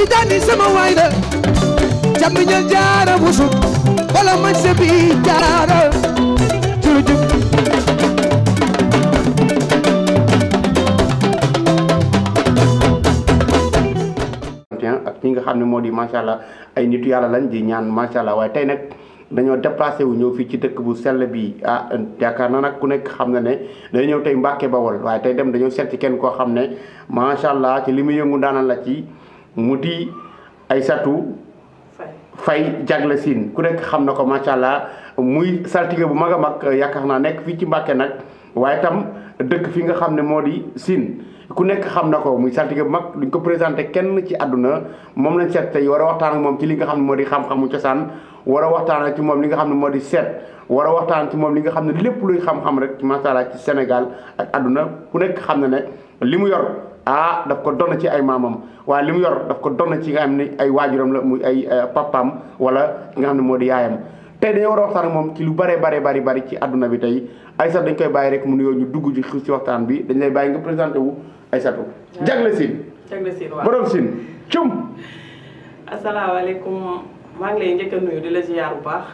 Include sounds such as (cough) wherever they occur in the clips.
tijaani sama waay la camiñal jaara busu wala man sebi jaara jurujub ak ñi nga xam ne moo di macha allah ay nit yàlla lañ di ñaan macha allah waaye tey nag dañoo déplacé wu ñëw fii ci dëkk bu sell bi ah yaakaar naa nag ku nekk xam na ne dañu ñëw tey Mbàkke Bawol waaye tey dem dañoo seet ci kenn koo xam ne macha allah ci li muy yëngu daanal la ci mu di ay Aysatu Fay jagle siin ku nekk xam na ko macha allah muy saltige bu mag a mag yaakaar naa nekk fii ci Mbàkke nag waaye tam dëkk fii nga xam ne moo di siin ku nekk xam na ko muy saltige bu mag duñ ko présenté kenn ci àdduna moom lañ seet tey war a waxtaan ak moom ci li nga xam ne moo di xam-xamu cosaan war a ci moom li nga xam ne moo di seet war a waxtaan ci moom li nga xam ne lépp luy xam-xam rek macha allah ci Sénégal ak àdduna ku nekk xam na ne li mu yor. ah daf ko donna ci ay maamam waaye li mu yor daf ko donn ci nga am ne ay waajuram la muy ay papam wala nga xam ne moo di yaayam tey dañoo war a waxtaan moom ci lu bare bare bari bari ci àdduna bi tey Aïssatou dañ koy bàyyi rek mu nuyoo ñu dugg ci ci waxtaan bi dañ lay bàyyi nga présenté wu Aïssatou jagle siin jagle siin waaw borom siin cum asalaamaaleykum maa ngi lay njëkk nuyu di la bu baax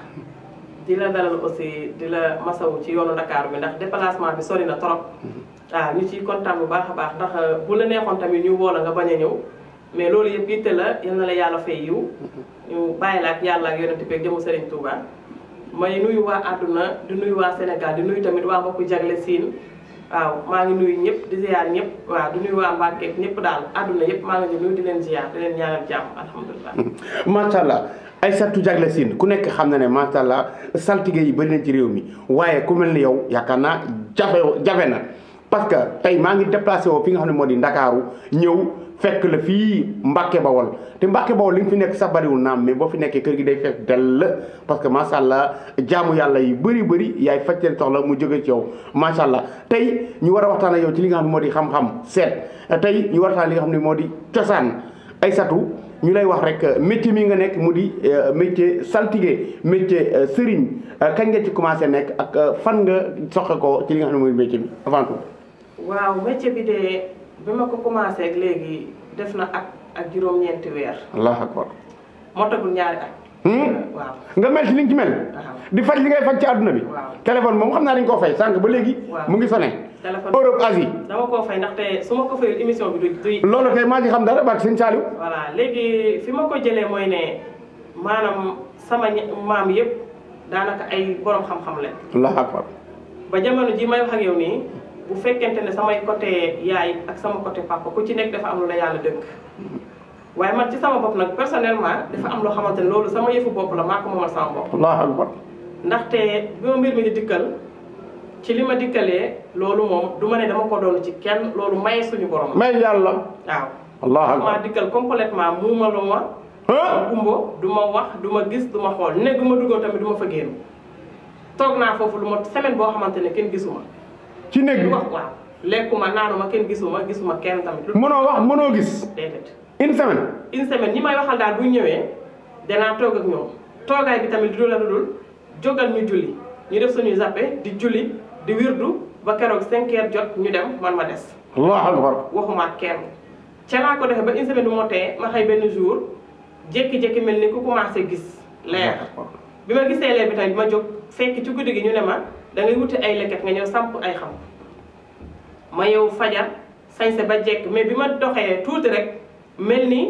di la dalal aussi di la ci yoonu Dakar bi ndax déplacement waaw ñu ciy kontaan bu baax a baax ndax euh, bu la neexoon tamit ñu woo nga bañ a ñëw mais loolu yëpp yitte la yal la yàlla fa yiw ñu bàyyi la ak yàlla ak yonent bi ak jëmu Serigne Touba. may nuyu waa àdduna di nuyu waa Sénégal di nuyu tamit waa mbokku jagle siin waaw maa ngi nuyu ñëpp di ziar ñëpp waaw di ñuy waa Mbàkke ñëpp daal àdduna yëpp maa ngi nuyu di leen ziar di leen ñaanal jàmm alhamdulilah. (laughs) macha allah Aysatu jagle siin ku nekk xam na ne macha allah saltige yi bëri na ci mi waaye ku mel ni yow yaakaar naa jafe jafe na parce que tey maa ngi déplacé woo fi nga xam ne moo di ndakaaru ñëw fekk la fii Mbàkke Bawol te Mbàkke Bawol li nga fi nekk sa bariwul naam mais boo fi nekkee kër gi day fekk dell parce que macha allah jaamu yàlla yi bëri bëri yaay fajteen soxla mu jóge ci yow macha allah tey ñu war a waxtaan ak yow ci li nga xam ne moo di xam-xam seet tey ñu waxtaan li nga xam ne moo di cosaan ay satu ñu lay wax rek métier mi nga nekk mu di euh, métier saltige métier euh, sëriñ euh, kañ nga ci commencé nekk ak fan nga soxe ko ci li xam ne mooy métier bi waaw métier bi de bi ma ko commencé ak léegi def na at ak juróom-ñeenti weer. allah akbar. moo tagul ñaari at. Hmm? waaw nga mel ci li nga mel. di faj li ngay faj ci àdduna bi. téléphone moom xam naa dañ koo fay sànq ba léegi. mu ngi sonné. téléphone Europe Asie. dama koo fay ndaxte su ma ko fayul émission bi du (laughs) loolu kay maa ngi xam dara baag sëñ Saliou. voilà léegi fi ma ko jëlee mooy ne maanaam sama maam yëpp daanaka ay borom xam-xam lañ. allah ba jamono ji may wax yow nii. bu fekkente ne samay côté yaay ak sama côté papa ku ci nekk dafa am la yàlla dëkk waaye man ci sama bopp nag personnellement dafa am loo xamante ne loolu sama yëfu bopp la maa ko moomal sama bopp. Allahu akbar. ndaxte bi ma mbir mi di dikkal ci li ma dikkalee loolu moom du ma ne dama ko doon ci kenn loolu maye suñu borom. may yàlla. waaw. Allahu akbar maa dikkal complètement muumalu ma. gumbo du ma wax du ma gis du ma xool ne du ma duggoon tamit du ma fa génn toog naa foofu lu ma semaine boo xamante ne kenn gisuma ci néeg bi wax waaw lekkuma ma kenn gisuma gisuma kenn tamit. mënoo wax mënoo gis. déedéet une semaine. une semaine ñi may waxal daal bu ñëwee danaa toog ak ñoom toogaay bi tamit du la dul jógal ñu julli ñu def suñuy zappe di julli di wirdu ba keroog 5 jot ñu dem man ma des. allahu akbar waxuma ak kenn. ca naa ko defee ba une semaine du moo tee ma xëy benn jour jékki-jékki mel ni ku commencé gis. leer bi ma gisee leer bi tamit ma jóg fekk ci guddi gi ñu ne da ngay wuti ay leket nga ñëw samp ay xam ma yow fajar sañse ba jekk mais bi ma doxee tuuti rek mel ni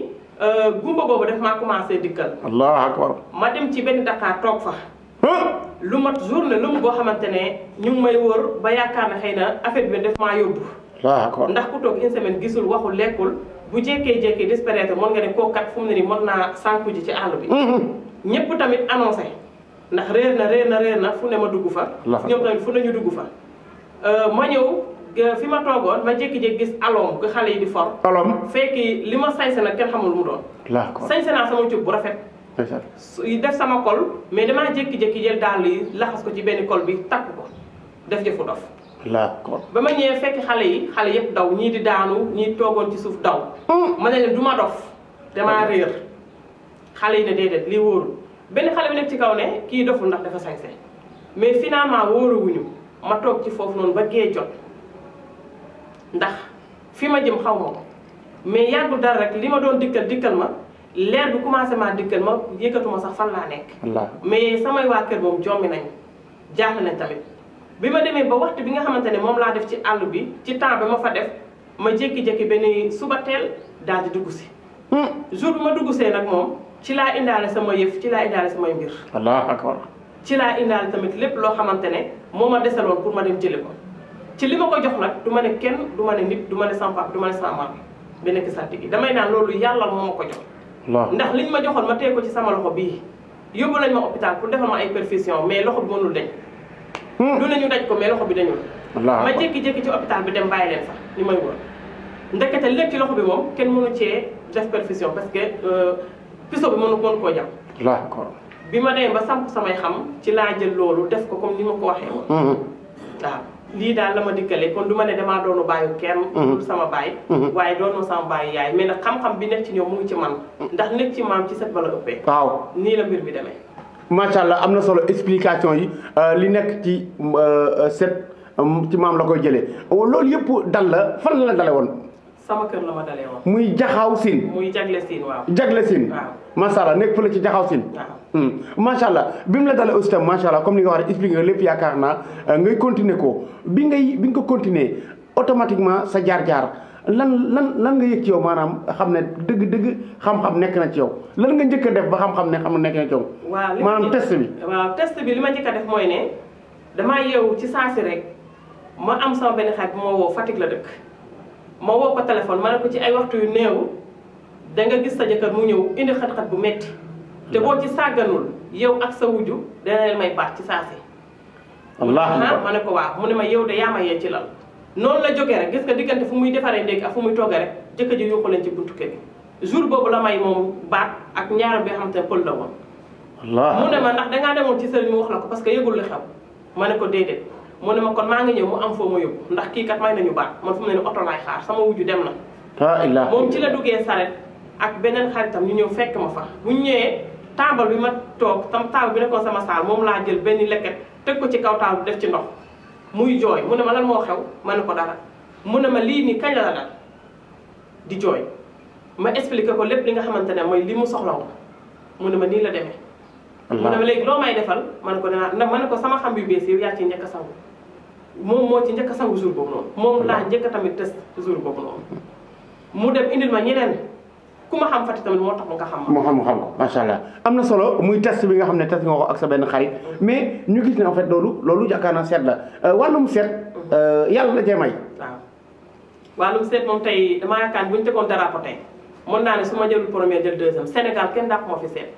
euh, gumba boobu daf maa commencé dikkal. allahu akbar ma dem ci benn Dakar toog fa. lu mat ne lu mu boo xamante ne ñu ngi may wër ba yaakaar na xëy na affaire bi daf maa yóbbu. ndax ku toog une semaine gisul waxul lekkul bu jékkee jékkee disparaître mën nga ne kooku kat fu mu ne nii mën naa sànku ji ci àll bi. ñëpp tamit annoncé. ndax réer na réer na réer na fu ne ma dugg fa ñoom tamit fu ñu dugg fa euh, ma ñëw fi ma toogoon ma jékki-jékki gis alom nga xale yi di for alom fekki li ma sañse nag kenn xamul mu doon sañse naa sama cub bu rafet su def sama kol mais damaa jékki-jékki jël dàll yi laxas ko ci benn kol bi takk ko def jëfu dof ba ma ñëwee fekk xale yi xale yëpp daw ñii di daanu ñii toogoon ci suuf daw hmm. ma ne leen du ma dof damaa réer xale yi ne déedéet lii wóorul benn xale bi nekk ci kaw ne kii doful ndax dafa sañse mais finalement wóoruwuñu ma toog ci foofu noonu ba gee jot ndax fi ma jëm xaw ma ko mais yàggul dara rek li ma doon dikkal dikkal ma leer bi commencé maa dikkal ma yëkkatuma sax fan laa nekk mais samay waa kër moom jommi nañ jaaxle nañ tamit bi ma demee ba waxtu bi nga xamante ne moom laa def ci àll bi ci temps bi ma fa def ma jékki-jékki benn suba teel daal di dugg si hmm. jour bi ma dugg see nag moom ci laa indaale sama yëf ci laa indaale samay mbir. allahu akbar. ci laa indaale tamit lépp loo xamante ne moo ma desaloon pour ma dem jëli ko ci li ma ko jox nag du ma ne kenn du ma ne nit du ma ne sama du ma ne sama maam bi nekk sàtt gi damay naan loolu yàlla moo ma ko jox. ndax liñ ma joxoon ma teg ko ci sama loxo bii yóbbu nañ ma hôpital pour defal ma ay perfusion mais loxo bi mënul dañ. du hmm. ñu daj ko mais loxo bi dañul. ma jékki-jékki ci hôpital bi dem bàyyi leen fa li may wër ndekete lépp ci loxo bi moom kenn mënu cee def parce que. Euh, piso bi mënu woon koo jàpp. d'accord bi ma demee ba samp samay xam ci laa jël loolu def ko comme ni ma ko waxee woon. Mm-hmm. waaw lii daal la ma dikkalee kon du ma ne damaa doonu baayu kenn. Mm-hmm. sama baay. Mm-hmm. waaye doonoo sama baayu yaay mais na xam-xam bi nekk ci ñoom mu ngi man. ndax nekk ci maam ci set bala ëppee. waaw nii la mbir bi demee. macha allah am na solo explication yi euh, li nekk ci euh, euh, set ci maam la koy jëlee oh, loolu yëpp dal la fan la dale woon. sama muy jaxaaw siin. muy jagle siin waaw. jagle siin. waaw macha allah nekk fële ci jaxaaw siin. waaw hmm. macha allah bi mu la dalee aussi tam allah comme ni nga wax rek expliqué lépp yaakaar naa euh, ngay continuer ko bi ngay bi nga ko continuer automatiquement sa jaar-jaar lan lan lan nga yëg ci yow maanaam xam ne dëgg dëgg xam-xam nekk na ci yow lan nga njëkk a def ba xam-xam ne xam nekk na ci yow. maanaam test bi. test bi li ma njëkk a def mooy ne damaa yeewu ci saasi rek ma am sama benn xarit bu ma la dëkk. ma woo ko téléphone ma ne ko ci ay waxtu yu néew da nga gis sa jëkkër mu ñëw indi xat-xat bu metti te boo ci sàgganul yow ak sa wujju dana leen may baax ci saasi. alhamdulilah ma ne ko waaw mu ne ma yow de yaa ma yee ci lal. noonu la jógee rek gis nga diggante fu muy defaree ndékki ak fu muy toggee rek jëkkër ji yuuxu leen ci buntu kër gi jour boobu la may moom baat ak ñaaram bi nga xamante ne pël la woon. mu ne ma ndax dangaa demoon ci sëriñ mu wax la ko parce que yëgul li xew ma ne ko déedéet mu ne ma kon maa ngi ñëw mu am foo ma yóbbu ndax kii kat may nañu baat man fu mu ne nii oto laay xaar sama wujju dem na. ah moom ci la duggee saret ak beneen xaritam ñu ñëw fekk ma fa bu ñëwee taabal bi ma toog tam taabal bi nekkoon sama saal moom laa jël benn leket teg ko ci kaw taabal def ci ndox muy jooy mu ne ma moo xew ma ne ko dara mu ne ma lii nii kañ la ma expliqué ko lépp li nga xamante ne mooy li mu soxla woon mu ne ma nii la demee. mu ne ma léegi loo may defal ma ne ko danaa ma ne ko sama xam yu bees yi yaa ci nekk a sangu moom moo ci njëkk a sangu jour boobu noonu moom laa njëkk tamit test jour boobu noonu mu dem indil ma ñeneen ku ma xam Fatick tamit moo tax nga xam moo xam nga xam macha allah am na solo muy test bi nga xam ne test nga ko ak sa benn xarit mais ñu gis ne en fait loolu loolu yaakaar naa seet la euh, wàllum seet euh, yàlla la cee may. waaw wàllum seet moom tey dama yaakaar bu ñu tegoon dara ko tey mën naa ne su ma jëlul premier jël deuxième Sénégal kenn dàq moo fi seet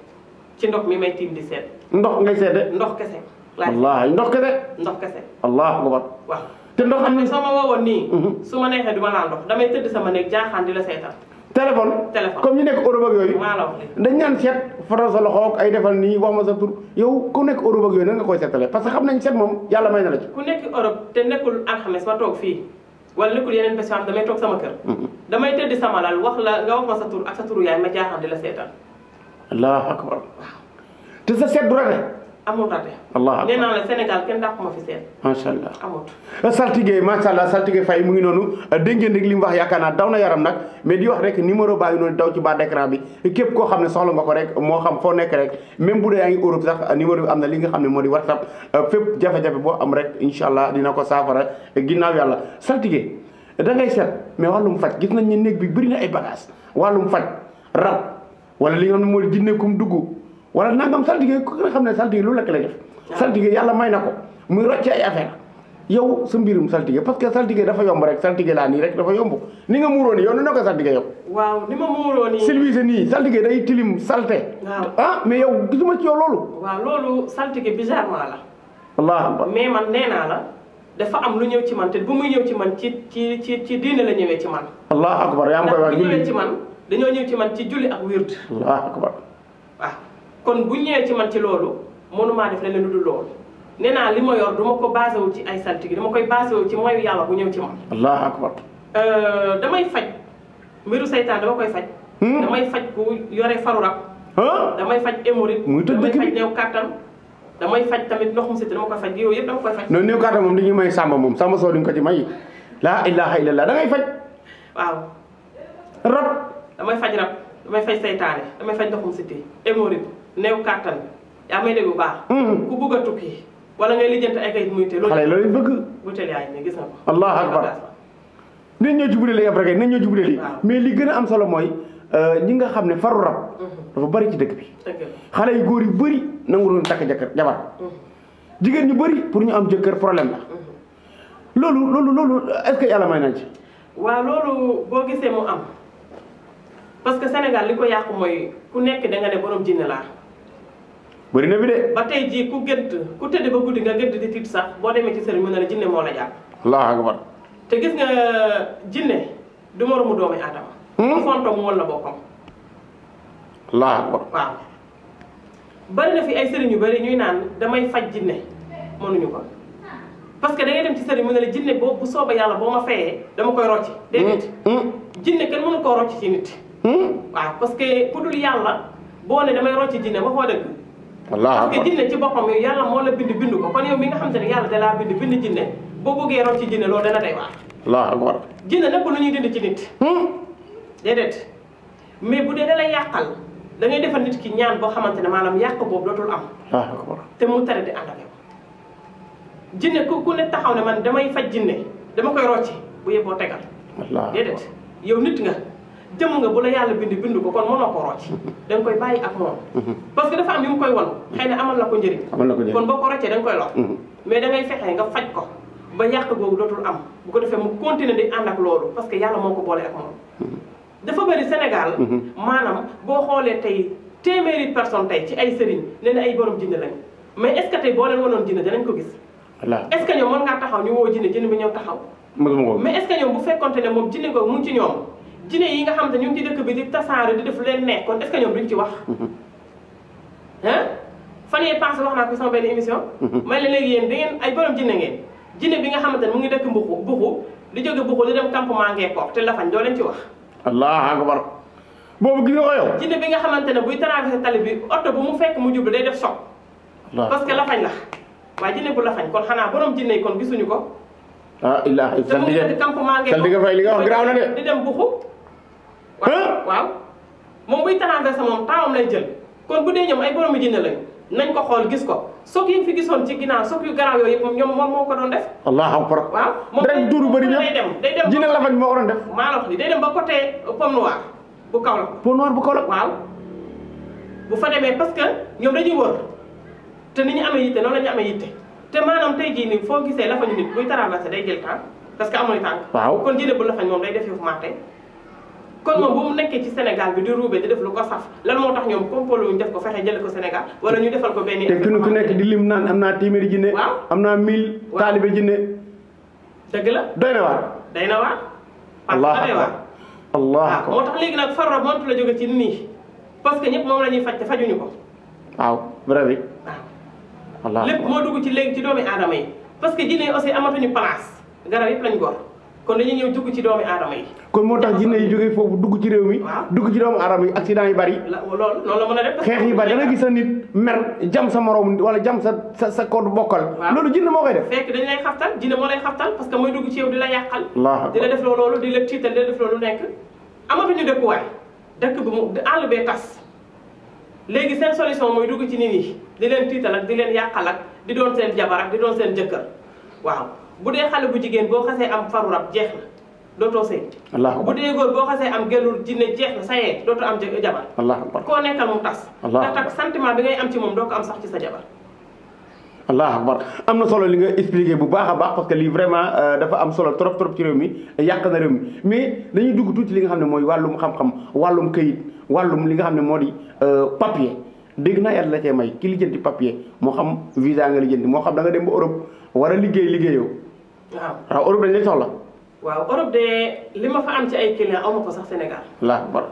ci ndox mi may tiim di seet. ndox ngay seet ndox kese. wallaahi ndox kese. ndox kese. allahu akbar. waaw te ndox am na soo ma woowoon nii. Mhm. su ma neexee du ma naan ndox damay tëdd sama néeg jaaxaan di la seetal. téléphone comme ñu nekk Europe ak yooyu. dañ naan seet faral sa loxo ak ay defal nii wax ma sa tur yow ku nekk Europe ak yooyu nga koy seetalee parce que xam nañ seet moom yàlla may na la ci. ku nekk Europe te nekkul alxames ma toog fii wala nekkul yeneen bés yoo damay toog sama kër. Mhm. damay tëdd sama lal wax la nga wax sa tur ak sa turu yaay ma jaaxaan di la seetal. allahu te sa set bu rafet amul raté. allah nee naa la Sénégal kenn dàqu ma fi seen. macha allah amul. saltige macha allah saltige Faye mu ngi noonu dégg ngeen rek li mu wax yaakaar naa daw na yaram nag mais di wax rek numéro baa ngi noonu daw ci bas d'écran bi képp koo xam ne soxla nga ko rek moo xam foo nekk rek même bu dee yaa ngi Europe sax numéro bi am na li nga xam ne moo di WhatsApp fépp jafe-jafe boo am rek incha allah dina ko saafara ginnaaw yàlla saltige da ngay seet mais wàllum faj gis nañ ne néeg bi bëri na ay bagage wàllum faj rab li nga xam ne moo di jinne wala nangam saltige ku nga xam ne saltige lu lekk lay saltige yàlla may na ko muy rocce ay affaire yow sa mbirum saltige parce que saltige dafa yomb rek saltige laa nii rek dafa yomb ni nga muuroo nii yow ni na ko saltige yow waaw ni ma muuroo nii silvise nii saltige day tilim salte ah mais yow gisuma ci yow loolu waaw loolu la allah akbar mais man nee naa la dafa am lu ñëw ci man te bu muy ñëw ci man ci ci ci ci diine la ñëwee ci man allah akbar yaa ngi koy wax julli ci man dañoo ñëw ci man ci julli ak wird allah akbar kon bu ñëwee ci man ci loolu mënumaa def leneen lu du loolu nee naa li ma yor du ko basé wu ci ay saltige dama koy basé wu ci mooy yàlla bu ñëw ci man. allahu akbar. Euh, damay faj mbiru saytaan dama koy faj. Hmm? damay faj ku yore faru damay faj hémorroïde. muy tëj damay faj néew kàttan. damay faj tamit ndox mu siti dama koy faj yooyu yëpp dama koy faj. non néew kàttan moom dañuy may sàmba moom ko ci may laa ilaha illallah da ngay faj. waaw. rab damay faj rab damay faj saytaane damay faj ndox mu siti hémorroïde néew kàttan yaa may dégg bu baax. Hmm. ku bugg a tukki wala ngay lijjanti ay kayit muy te loolu. xale yi loolu bëgg. butéel yaa ngi ne gis na ko. allah akbar nit ñoo ci butéel yi après mais li gën a am solo mooy euh, ñi nga xam ne faru rab. Hmm. dafa bari ci dëkk bi. xale yu góor yu bëri nangu doon takk jëkkër jabar. Hmm. jigéen ñu bari pour ñu am jëkkër problème la. loolu loolu loolu est yàlla may nañ ci. waaw loolu boo gisee mu am parce que Sénégal li ko yàqu mooy ku nekk danga ne borom jinne laa bari na bi de. ba tey jii ku gént ku tëdd ba guddi nga gént di tiit sax boo demee ci sëriñ mu ne jinne moo la jàpp. allahu akbar. te gis nga jinne du moromu doomi aadama. Hmm? ku fonto mu waaw. bari fi ay sëriñ yu bari ñuy naan damay faj jinne mënuñu ko parce que da ngay dem ci sëriñ mu ne la jinne boo bu sooba yàlla boo ma fayee dama koy rocci hmm? déedéet hmm? jinne kenn mënu koo rocci ci waaw parce que ku dul yàlla boo ne damay rocci jinne waxoo dëgg wallaahi parce que jinne ci boppam yow yàlla moo la bind bind ko kon yow mi nga xam te ne yàlla da laa bind bind jinne boo bëggee rob ci jinne loolu dana day waar wallaahi akbar jinne nekkul lu ñuy dindi ci nit hmm? déedéet mais bu dee da lay yàqal da defal nit ki ñaan boo xamante ne maanaam yàq boobu dootul am te mu tare di ànd ak yow jinne ku ku taxaw ne man damay fa jinne dama koy rocci bu yeboo tegal déedéet yow nit nga jëm nga bu la yàlla bind bind ko kon mënoo ko rocc da koy bàyyi ak moom mm-hmm. parce que dafa am yu mu koy wan mm-hmm. xëy na amal la ko njëriñ kon boo ko roccee da nga koy lor mm-hmm. mais da ko ba yàq googu dootul am bu ko defee mu continuer di ànd ak parce que yàlla moo ko boole ak moom dafa bëri Sénégal maanaam boo xoolee tey téeméeri personne tey ci ay sëriñ nee ay borom jinne lañ mais est ce que tey boo leen wanoon jinne ko gis est ce que mën ngaa taxaw ñu woo jinne jinne bi ñëw taxaw mais est ce que bu fekkonte ne moom jinne ko mu ci ñoom jine yi nga xam ne ñu ngi ci dëkk bi di tasaare di def leen nekk kon est-ce que ñoom ci wax. ah (laughs) fan yii passé wax naa ko sama benn émission. (laughs) may la léegi yéen da ngeen ay borom jinne ngeen jinne bi nga xamante ne mu ngi dëkk mbuxu buxu di jóge buxu di dem campement Ngeekor te lafañ doo leen ci wax. allah akbar boobu gis nga ko yow. jinne bi nga xamante ne buy traversé tali bi oto bu mu fekk mu jublu day def soq. parce que lafañ la waaye jinne bu lafañ kon xanaa borom jinne yi kon gisuñu ko. ah illah. te mu ngi dëkk campement Ngeekor te mu ngi waaw waaw moom buy traversé moom temps lay jël kon bu dee ñoom ay borom jinne lañ nañ ko xool gis ko soog yi fi gisoon ci ginaar soog yu garaaw yooyu yëpp moom ñoom moom moo ko doon def. allah akbar waaw moom rek duuru day dem day dem jinne la moo ko def. maa la wax day dem ba côté Pomme Noire bu Kaolack. Pomme Noire bu Kaolack waaw. bu fa demee parce que ñoom dañuy wër te ni ñu amee yitte noonu la ñu amee yitte te maanaam tey jii nii foo gisee lafañu nit buy traversé day jël temps parce que amuñu tànk. waaw kon jinne bu lafañ moom day def yëfu màtte kon moom bu mu nekkee ci Sénégal bi di ruube di def lu ko saf lan moo tax ñoom kompolo ñu def ko fexe jële ko Sénégal wala ñu defal ko benn te kenn ku nekk di lim naan am naa téeméeri jinne am naa mille taalibe jinne dëgg la doy na waar day na waar allah day ah, moo tax léegi nag farra montu la jóge nii parce que ñëpp moom la ñuy faj te fajuñu ko waaw vrai waaw lépp moo dugg ci léegi ci doomi aadama yi parce que jinne aussi amatuñu place garab yëpp lañ gor kon dañuy ñëw dugg ci doomi aadama yi kon moo tax jinne yi jógee foofu dugg ci réew mi dugg ci doomu aadama yi accident yi bari loolu loolu la a nit mer jam sa morom wala jam sa sa sa ko bokkal loolu jinne moo koy def fekk dañ lay xaftal jinne moo lay xaftal parce que mooy dugg ci yow di la yàqal di la def loolu di la tiital di la def loolu nekk amatuñu dëkkuwaay dëkk bi mu àll bee tas léegi seen solution mooy dugg ci nit yi di leen tiital ak di leen yàqal ak di doon seen jabar ak di doon seen jëkkër waaw bu dee xale bu jigéen boo xasee am faru rab jeex na dootoo sëy bu dee góor boo xasee am gëlul jinne jeex na sayee dootoo am jabar koo nekkal mu tas te moom doo ko am sax ci sa jabar allah akbar am na solo li nga expliqué bu baax a baax parce que lii vraiment euh, dafa am solo trop trop ci réew mi yàq na réew mi mais dañuy dugg tuuti li nga xam ne mooy wàllum xam-xam wàllum këyit wàllum li nga xam ne moo di euh, papier dégg naa yàlla la cee may ki lijjanti papier moo xam visa nga lijjanti moo xam da nga dem ba Europe war liggéey liggéeyoo waaw waaw Europe dañ lay soxla. waaw Europe de li ma fa am ci ay clients aw ma ko sax Sénégal. la bar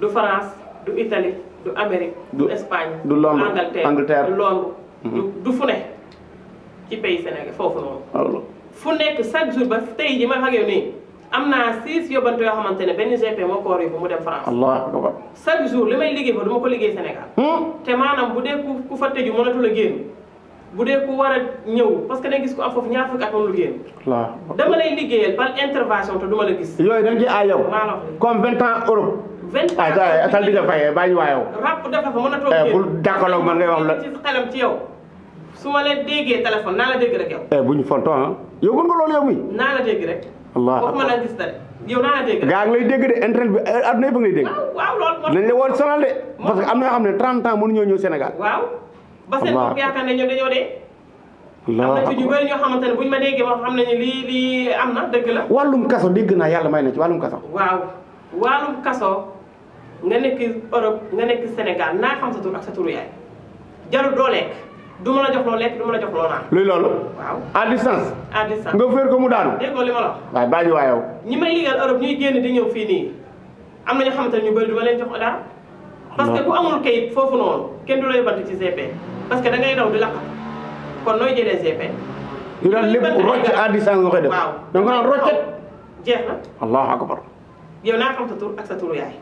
du France du Italie du Amérique. du Espagne du Londres Angleterre du Londres. Mhm. du fu ne ci pays Sénégal foofu noonu. fu nekk chaque jour ba tey ji ma xam yoo nii am naa six yóbbante yoo xamante ne benn GP moo ko war yóbbu mu dem France. allah akbar chaque jour li may liggéey fa du ma ko liggéey Sénégal. Hmm? te maanaam bu dee ku fa tëju mënatu la génn. bu dee ku war a ñëw parce que da gis ko am foofu ñaar fukki at moom lu génn. waaw dama lay liggéeyal par intervention te ma la gis. yooyu da nga ciy aay yow. comme vingt ans Europe. vingt ans di nga fayee bàyyi waa yow. rap dafa eh, bu dàkkaloo man ngay wax la ci yow. su ma la déggee téléphone naa la dégg eh, bu ñu fonto ah. yow gën nga loolu yow muy. naa la dégg la gis dara. gaa ngi lay dégg de internet bi eh, adduna yëpp a ngi lay dégg. waaw waaw loolu moo tax. parce que am na am xam ne 30 ans mënuñoo ñëw Sénégal waaw ba seen bopp yaakaar ne ñoom dañoo dee. ñu bëri ñoo xamante ne buñ ma déggee wax xam lii lii am na dëgg la. wàllum kaso dégg naa yàlla may na ci wàllum kaso. waaw wàllum kaso nga nga nekk Sénégal naa xam sa tur ak doo du ma la jox loo lekk du la jox loo naan. luy nga féer mu daanu. déggoo li ñi may liggéeyal Europe ñuy génn di ñëw fii nii am na ñoo xamante ñu bëri du ma leen jox dara. parce que ku amul kayit foofu noonu kenn du lay bant ci GP. parce que da ngay daw la laq kon nooy jëlee GP. yu daan lépp rocc à distance nga koy def. da na. allahu naa xam sa tur ak sa turu yaay.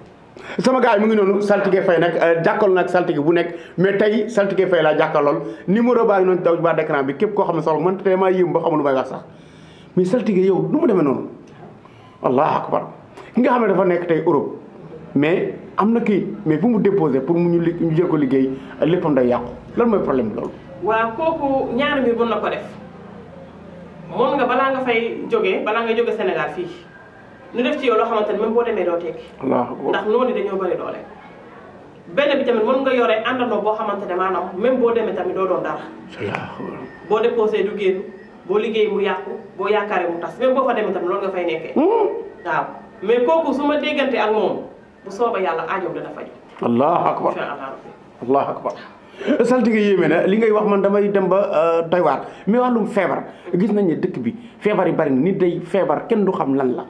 sama gars yi mu ngi noonu saltige fay nag euh, jàkkaarloo nag saltige bu nekk mais tey saltige fay laa jàkkalool numéro baa ngi noonu daw ba d'écran bi képp koo xam ne soxla man tey maa yëm ba xamul lu may sax mais saltige yow nu mu demee noonu allahu akbar ki nga xam ne dafa nekk tey Europe mais am na kii mais bu mu déposé pour mu ñu jël ko liggéey léppam day yàqu. lan mooy problème bi loolu. waaw kooku ñaari mbir mën na ko def moom nga balaa nga fay jóge balaa nga jóge Sénégal fii ñu def ci yow loo xamante ne même boo demee doo tekki. ndax noonu dañoo bëri doole. benn bi tamit mën nga yore àndandoo boo xamante ne maanaam même boo demee tamit doo doon dara. boo déposé du génn boo liggéey mu yàqu boo yaakaaree mu tas même boo fa demee tamit loolu nga fay nekkee. Hmm? waaw mais kooku su ma déggante ak moom bu sooba yàlla aajoom dana faju. allahu akbar allahu akbar. saltige yéeme na li ngay wax man damay dem ba euh, doy waar mais wàllum feebar gis nañ ne dëkk bi feebar yi bari na nit day feebar kenn du xam lan la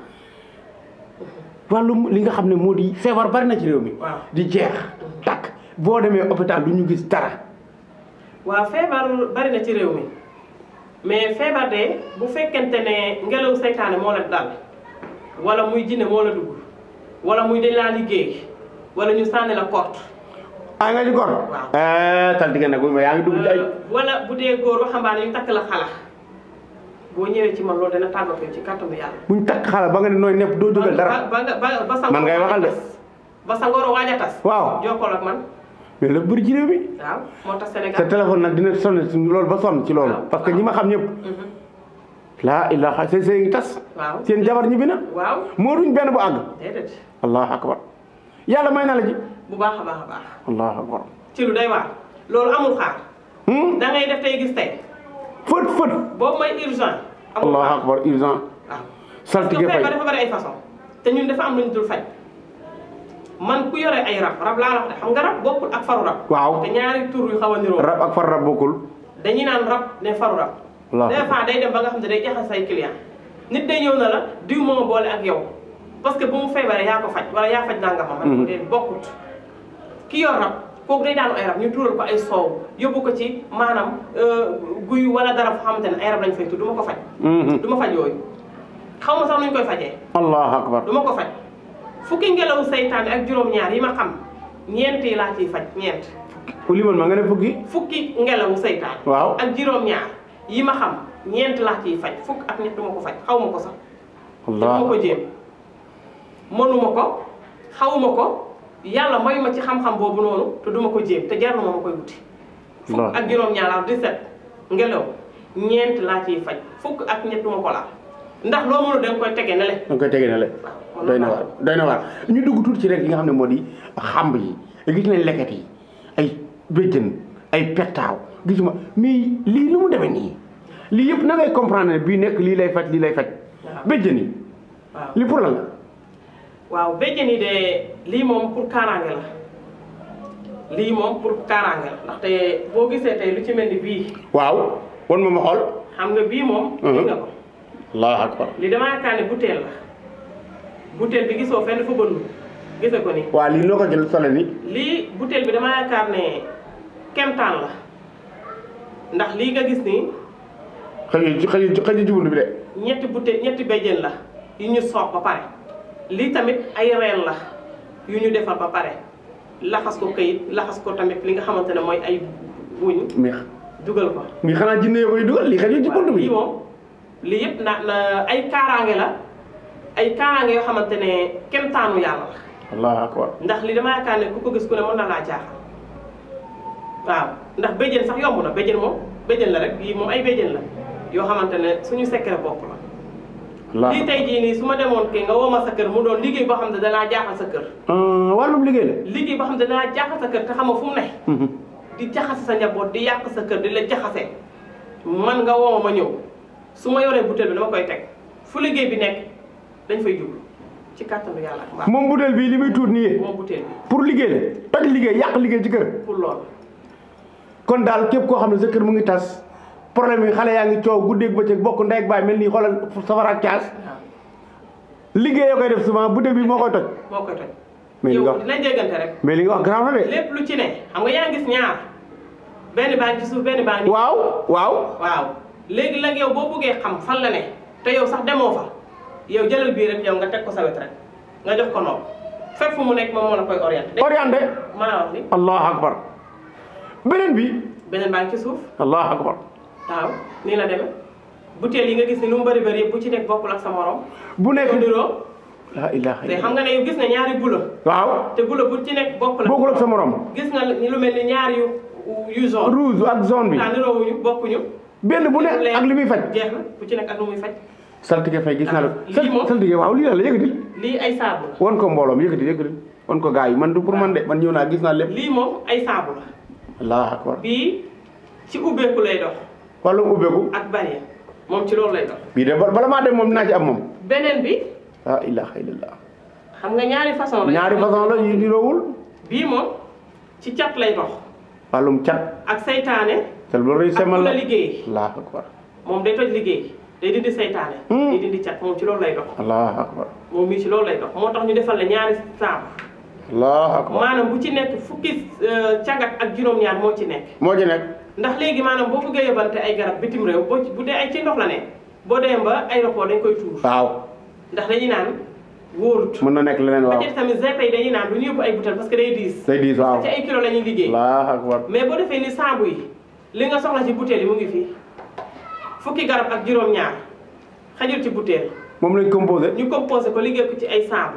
wàllum li nga xam ne moo di feebar bari na ci réew mi. di jeex takk boo demee hôpital du ñu gis dara. waaw feebar bari ci réew mi mais feebar de bu fekkente ne ngelaw seytaane moo la dal walla muy jinne moo la dugg wala muy dañ laa liggéey wala ñu sànni la porte yaa nga ci gor. waaw eh, tal digga nag yaa ngi dugg ci ay. Euh, wala bu dee góor waxambaane yu takk la xala. boo ñëwee ci man loolu ci kàttanu yàlla. buñ takk xala ba nga ne nooy nepp doo jógal dara. ba ba sa man ngay waxal de. ba sa ngoro waaj tas. waaw jokkool ak man. loolu la bëri ci réew mi. moo tax Sénégal sa téléphone nag dina sonn ci loolu ba sonn ci loolu. parce que ñi ma xam ñëpp. Mhm. laa ilaha seen seen tas. waaw seen jabar ñibbi na. moo duñ benn bu àgg. déedéet. allahu akbar yàlla may na bu baax a baax a baax. allahu akbar. ci lu day waar loolu amul xaar. Hmm? da ngay def tey gis tey. fët fët. boobu mooy urgent. amul xaar allahu akbar urgent. waaw ah. saltige fay dafa bari ay façon te ñun def am lu ñu dul faj. man ku yore ay rab rab laa xam nga rab bokkul ak faru rab. waaw te ñaari tur yu a niroo. rab ak faru rab bokkul. dañuy naan rab ne faru rab. des fois day dem ba nga xam ne day jaxas say client nit day ñëw na la diw moo boole ak yow parce que bu mu feebaree yaa ko faj wala yaa faj naa nga ma. man hmm. bokkut. ki yor rab kooku day daanu ay rab ñu tuural ko ay soow yóbbu ko ci maanaam euh, guy wala dara foo xamante ne ay rab lañ fay tudd du ko faj. Mm-hmm. du ma xaw ma sax nuñ koy fajee. allahu akbar ko faj fukki ngelaw saytaan ak juróom yi ma xam ñeent yi laa faj ñeent. liman ma nga ne fukki. fukki ngelawu saytaan. waaw ak juróom-ñaar yi ma xam ñeent laa ciy faj fukk ak ñett du ko faj xaw ma ko sax. allahu te du ko jéem mënu ko xaw ko. yàlla mayu ma ci xam-xam boobu noonu te duma ko jéem te jarlu ma ma koy wuti fukk ak juróom-ñaar laa set ngelaw ñeent laa ciy faj fukk ak ñett duma ko laal ndax loo mënul da nga koy tege ne le da nga ne le doy na waar doy na ñu dugg tuuti ci rek yi nga xam ne moo di xamb yi gis nañ leket yi ay béjjën ay pettaaw gisuma mais lii lu mu demee nii lii yëpp na ngay comprendre ne bii nekk lii lay faj lii lay faj béjjën yi li pour la waaw béjjën yi de lii moom pour kaaraange la lii moom pour kaaraange la ndaxte boo gisee tey lu ci mel ni bii. waaw wan ma ma xool. xam nga bii moom. gis uh-huh. nga ko. li dama yaakaar ne butéel la butéel bi gisoo fenn fa bënn gise ko ni waaw lii noo ko jël sole ni lii butéel bi dama yaakaar ne kemtaan la ndax lii nga gis nii. xëy xë xëy na xëy na bi de. ñetti butéel ñetti béjjën la yu ñu soog ba pare. lii tamit ay reen la yu ñu defar ba pare laxas ko kayit laxas ko tamit li nga xamante ne mooy ay buñ. meex dugal ko. muy xanaa jinne koy dugal lii xëy ci bunt moom lii yëpp na na ay kaaraange la ay kaaraange yoo xamante ne kenn taanu yàlla la. allah akbar ndax li dama yaakaar ne ku ko gis ku ne mën na laa jaaxal waaw ndax béjjén sax yomb na béjjén moom béjjén la rek yii moom ay béjjén la yoo xamante ne suñu secret bopp la. lii tey jii nii su ma demoon kii nga woo ma sa kër mu doon liggéey boo xam ne danaa jaaxal sa kër. Ah, wàllum liggéey la. liggéey boo xam ne danaa jaaxal sa kër te xam nga fu mu ne. Mhm. di jaxase sa njaboot di yàq sa kër di la jaxase man nga woo ma ñëw su ma yoree butéel bi dama koy teg fu liggéey bi nekk dañ fay jublu ci kàttanu yàlla ak mbaa. moom butéel bi li muy tuut nii. moom butéel pour liggéey la toj liggéey yàq liggéey ci kër. pour loolu. kon daal képp koo xam ne sa kër mu ngi tas problème yi xale yaa ngi coow guddeeg bëccëg bokk ndey ak baay mel ni xoolal safara ak caas liggéeyoo koy def souvent bu dégg bi moo koy toj. moo koy toj mais li nga wax rek. mais li nga wax grand frère. lépp ci ne xam nga yaa gis ñaar benn baa ngi ci waaw waaw. waaw léegi yow boo bëggee xam fan la ne te yow sax demoo fa yow jëlal bii rek yow nga teg ko sa wet rek nga jox ko noonu fépp fu mu nekk moom moo la koy orienté. orienté mën naa wax ni. beneen bi. beneen baa ngi ci suuf. allahu akbar. waaw nii la demee butéel yi nga gis ne lu mu bari bëri yëpp bu ci nekk bokkul ak sa morom. bu nekk ndiroo. la ilaha illallah te xam gis nga ñaari gula. waaw te gula bu ci nekk bokkul ak. sa morom. gis nga lu mel ni ñaari yu yu zone. rouge ak zone bi. waaw niroowuñu bokkuñu. benn bu nekk ak li muy faj. jeex na ci nekk ak muy faj. saltige fay gis naa la. Ah, lii moom waaw lii la la yëkkati. lii ay saabu la. wan ko mbooloom yëkkati yëkkati wan ko gars yi man du pour man de man ñëw naa gis naa lépp. lii moom ay saabu la. allahu akbar bii ci ubbeeku lay dox wàllum ubbeeku. ak bari moom ci loolu lay dox. bii de bala maa dem moom dinaa ci am moom. beneen bi. ah ilaha illallah. nga ñaari façon la. ñaari façon la yu niroowul. bii moom cat lay dox. wàllum cat. ak saytaane. te loolu yu semal la ak liggéey. allahu akbar. moom day toj liggéey. day dindi saytaane. Hmm. day dindi cat moom ci loolu lay dox. allahu akbar. moom mii ci loolu lay dox moo tax ñu defal la ñaari saabu. allahu akbar maanaam bu ci nekk fukki euh, càngat ak juróom-ñaar moo ci nekk. moo ci nekk. ndax léegi maanaam boo bëggee yóbbante ay garab bitim réew boo bu dee ay ci ndox la ne boo demee ba aéroport dañ koy tuur. waaw ndax dañuy naan wóorut. mën na nekk leneen waaw ba ci tamit GP yi dañuy naan du ñu yóbbu ay butéel parce que day diis. day diis waaw ci ay kilo la ñuy liggéey. mais boo defee ni saabu yi li nga soxla ci butéel yi mu ngi fii fukki garab ak juróom-ñaar xajul ci butéel. moom lañ composé. ñu composé ko liggéey ko ci ay saabu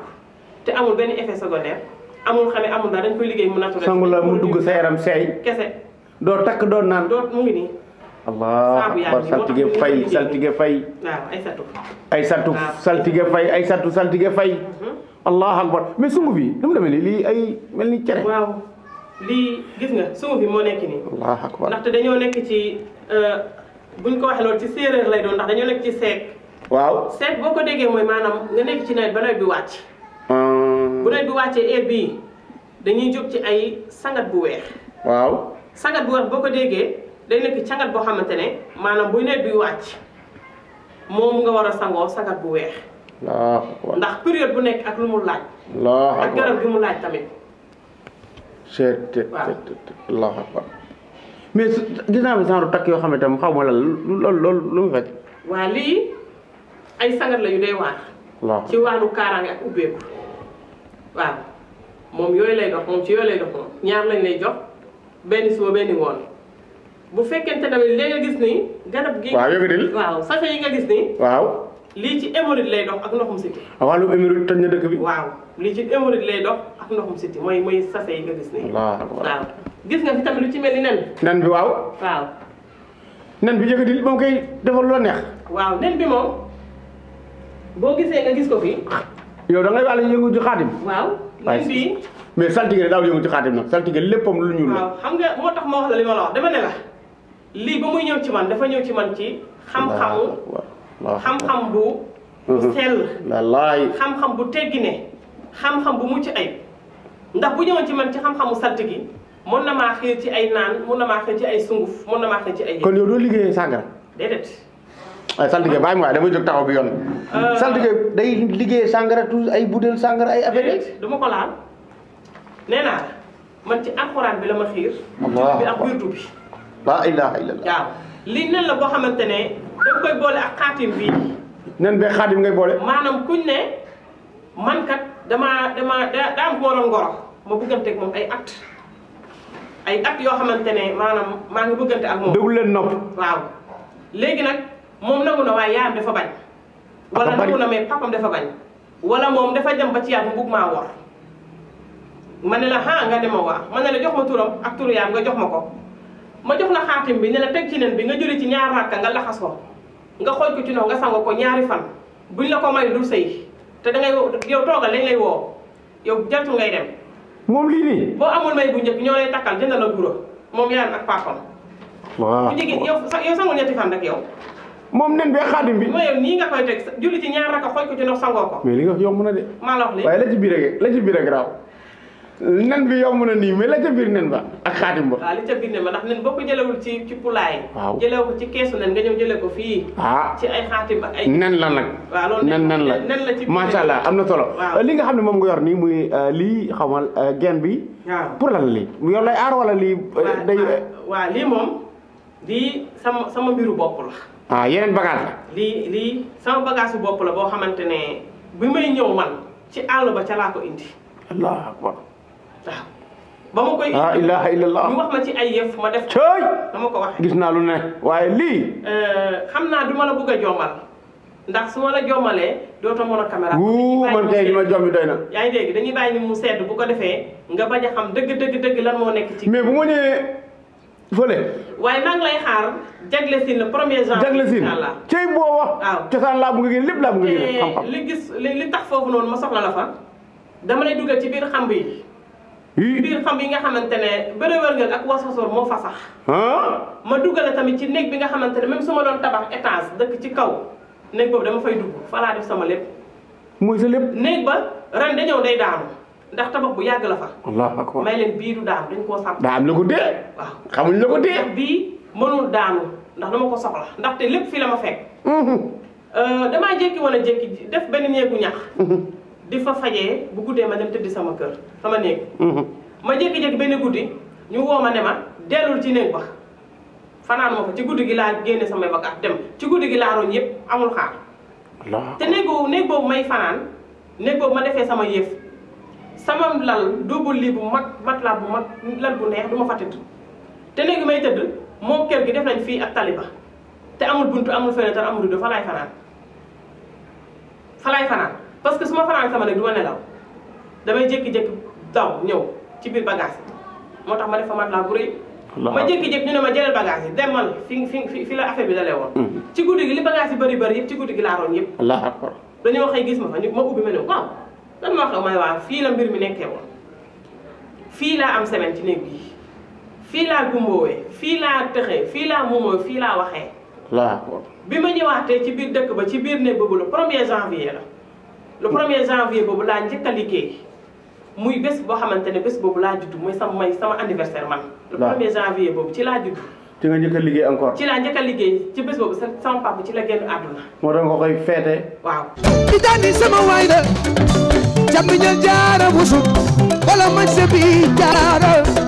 te amul benn effet secondaire amul xame amul daal dañ koy liggéey mu naturel. sangu dugg sa yaram seey kese doo takk doo naan. doo mu ngi nii. allah akbar saltige fay saltige fay. waaw ay satu. ay saltige fay ay satu saltige fay. Mhm. allah akbar mais sungu bi nu mu demee nii lii ay mel ni cere. waaw lii gis nga sungu bi moo nekk nii. allah akbar ndaxte dañoo nekk ci euh, buñ ko waxee lool ci séeréer lay doon ndax dañoo nekk ci seeg. waaw seeg boo ko déggee mooy maanaam nga nekk ci nawet ba nawet bi wàcc. Ah. bu nawet bi wàccee heure bii dañuy jóg ci ay sangat bu weex. waaw. sangat bu wax boo ko déggee day nekk cangat boo xamante ne maanaam bu nekk buy wàcc moom nga war a sangoo sangat bu weex. ndax période bu nekk ak lu mu laaj. ak garab gi mu laaj tamit. waaw mais gis naa ne genre takk yoo xamante ne xaw ma lan loolu loolu lu mu fekk. waa lii ay sangat la yu day waar. ci wàllu kaaraange ak ubbeeku waaw moom yooyu lay dox moom ci yooyu lay dox moom ñaar lañ lay jox. benn suba benn ngoon bu fekkente tamit léegi nga gis ni garab gi waaw yëngu waaw sachet yi nga gis ni waaw lii ci hémorroïde lay dox ak ndoxum siti ah, waaw lu hémorroïde na dëkk bi waaw lii ci hémorroïde lay dox ak ndoxum siti mooy mooy sachet yi nga gis ni waaw gis nga fi tamit lu ci mel ni nen nen bi waaw waaw nen bi yëngu moom koy defal loo neex waaw nen bi moom boo gisee nga gis ko fi yow da ngay wàlla xaatim waaw waaye mais saltige de daawul yëngu ci xaatim nag saltige léppam lu ñuul la. waaw xam nga moo tax ma wax la li ma la wax dama ne la lii ba muy ñëw ci man dafa ñëw ci man ci. xam-xamu xam-xam bu. Uh-huh. sell. wallaay bu teggine xam-xam bu mucc ayib. ndax bu ñëwoon ci man ci xam-xamu saltige mën na maa xiir ci ay naan mën na maa xiir ci ay sunguf mën na maa xiir ci ay. kon yow doo liggéeyee sàngara. déedéet. waaye saltige bàyyi ma waaye damay jóg taxaw bi yoon. Euh, saltige day liggéey sàngara tous ay budeel sàngara ay affaire yi. Eh, du ma ko laal nee man ci alxuraan bi la ma xiir. waaw bi ak li nen la boo xamante ne dañ koy boole ak xaatim bii. nen bee xaatim ngay boole. maanaam kuñ ne man kat damaa damaa daa am góoram ngoro ma bëgganteeg moom ay at. ay at yoo xamante ne maanaam maa ngi bëggante ak moom. déglu leen nopp waaw léegi nag. moom nangu na waaye yaayam dafa bañ. wala nangu na mais papam dafa bañ. wala moom dafa dem ba ci yaay mu bugg maa wor ma la ah nga dem ma waa ma ne la jox ma turam ak nga jox ma ko ma jox la xaatim bi ne la teg ci nen bi nga jëli ci ñaar rakka nga laxas nga xool ci ndox nga sango ko ñaari fan buñ la ko may dul sëy te dangay yow toogal lañ lay woo yow jantu ngay dem. moom lii nii. boo amul may bu njëkk ñoo lay takkal jëndal la duro moom yaayam ak papam. waaw bu jigéen yow yow sangul ñetti fan rek yow. moom nen bee xaadim bi. mooy nii nga koy teg julli ci ñaar raka xooj ko ci ndox sangoo ko. mais li nga wax yomb na de. maa la wax bi na nii mais la ca biir nen ba ak ci ci pulaay. waaw jëlee ko ci keesu nen nga ñëw jëlee ko fii. ah ci la nag. waaw loolu nen la macha allah am na solo. li nga xam ne moom nga yor nii muy euh, lii xamal euh, gen bi. waaw pour lan lii yor lay aar wala lii. Euh, day lii moom lii sama sama mbiru bopp la. ah yeneen bagage la. lii lii sama bagage su bopp la boo xamante ne bi may ñëw man ci àll ba ca laa ko indi. allahu akbar. waaw ba ma koy. ah ilaha illallah wax ma ci ay yëf ma def. cëy dama ko wax gis naa lu ne waaye lii. Euh, xam naa du ma la bëgg a joomal ndax su ma la joomalee dootoo mën a caméra. wuu man kay li ma joom bi doy na. yaa ngi dañuy bàyyi ni mu sedd bu ko defee nga bañ a xam dëgg dëgg dëgg lan moo nekk ci. mais bu ma ñëwee. fële. waaye maa ngi lay xaar jagle si le premier janvier. jagle si cey booba. waaw cosaan laa bëgg a génn lépp laa bëgg a génn eh, li gis li tax foofu noonu ma soxla la fa dama lay dugal ci biir xamb yi. ci biir xamb yi nga xamante ne bërëwërngal ak wasasoor moo fa sax. ma dugale tamit ci néeg bi nga xamante ne même su ma doon tabax étage dëkk ci kaw néeg boobu dama fay dugg fa def sama lépp. mooy sa lépp. néeg ba ren dañoo day daanu. ndax tabax bu yàgg la fa. allahu akbar may leen bii du daanu dañ koo sàmm. daa am la ko dee. waaw xamuñ la ko dee. bii mënul daanu ndax ma ko soxla. ndaxte lépp fi la ma fekk. Mm-hmm. Euh, damaa jékki wala jékki def benn néegu ñax. Mm-hmm. di fa fajee bu guddee ma dem tëdd sama kër sama néeg. Mm-hmm. ma jékki-jékki benn guddi ñu woo ne ma dellul ci néeg ba fanaan moo ko ci guddi gi laa génne samay bagaas dem ci guddi gi laa roñ yëpp amul xaar. te néeg boobu may fanaan néeg boobu ma defee sama yëf. sama lal double lit bu mag matelas bu mag lal bu neex du ma fa tëdd te léegi may tëdd moom kër gi def nañ fii ak taliba te amul buntu amul fenêtre amul rideau fa laay fanaan fa laay fanaan parce que su ma du ma nelaw damay jékki-jékki daw ñëw ci biir bagage moo tax ma def fa matelas bu rëy ma jékki-jékki ñu ne ma jëlal bagage yi demal fi fi fi la affaire bi dalee woon mm-hmm. ci guddi gi li bagage yi bëri bëri yëpp ci guddi gi laa roon yëpp dañoo xëy gis ma fa ma ubbi ma ne waaw lan moo xew ma fii la mbir mi nekkee woon fii laa am semaine ci néeg fii laa gumboowee fii laa tëxee fii laa muumoowe fii laa waxee bi ma ñëwaatee ci biir dëkk ba ci biir néeg boobu le premier janvier la le premier janvier boobu laa njëkk a muy bés boo xamante ne bés boobu laa juddu mooy sama may sama anniversaire man le premier janvier boobu ci laa juddu ci liggéey encore ci laa njëkk liggéey ci bés boobu sama papa ci la moo tax koy feete waaw i daani sama waay la jamiñal jaara busuk wala mañ se bi jaara